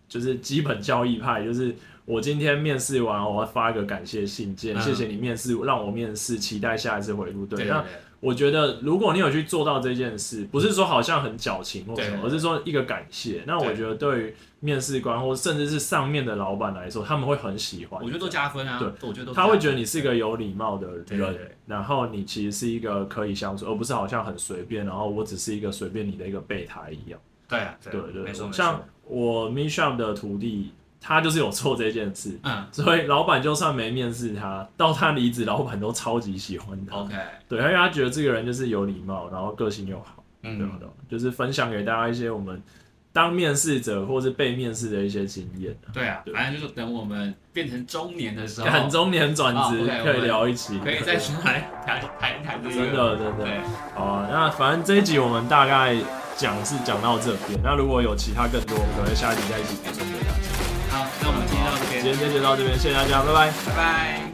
就是基本交易派，就是我今天面試完，我要發一個感謝信件，嗯、謝謝你面試，讓我面試，期待下一次回復。對。對對對我覺得，如果你有去做到這件事，不是說好像很矯情或者什麼，而是說一個感謝。那我覺得，對於面試官或甚至是上面的老闆來說，他們會很喜歡。我覺得都加分啊，對，我覺得都。他會覺得你是一個有禮貌的人，對對對，然後對對對，然後你其實是一個可以相處，而不是好像很隨便。然後我只是一個隨便你的一個備胎一樣對。對啊，對對，對，沒錯。像我 a 尚的徒弟。他就是有錯這件事，嗯，所以老闆就算沒面試他，到他離職，老闆都超級喜歡他。OK，對，因為他覺得這個人就是有禮貌，然後個性又好，懂不懂？就是分享給大家一些我們當面試者或是被面試的一些經驗。對啊，對，反正就是等我們變成中年的時候，很中年轉職、哦 okay, 可以聊一起，可以再出來談談一談。真的，對對。哦、啊，那反正這一集我們大概講是講到這邊，那如果有其他更多，我們可能下一集再一起補充給他。嗯，對對對對。今天就到這邊，謝謝大家，拜拜，拜拜。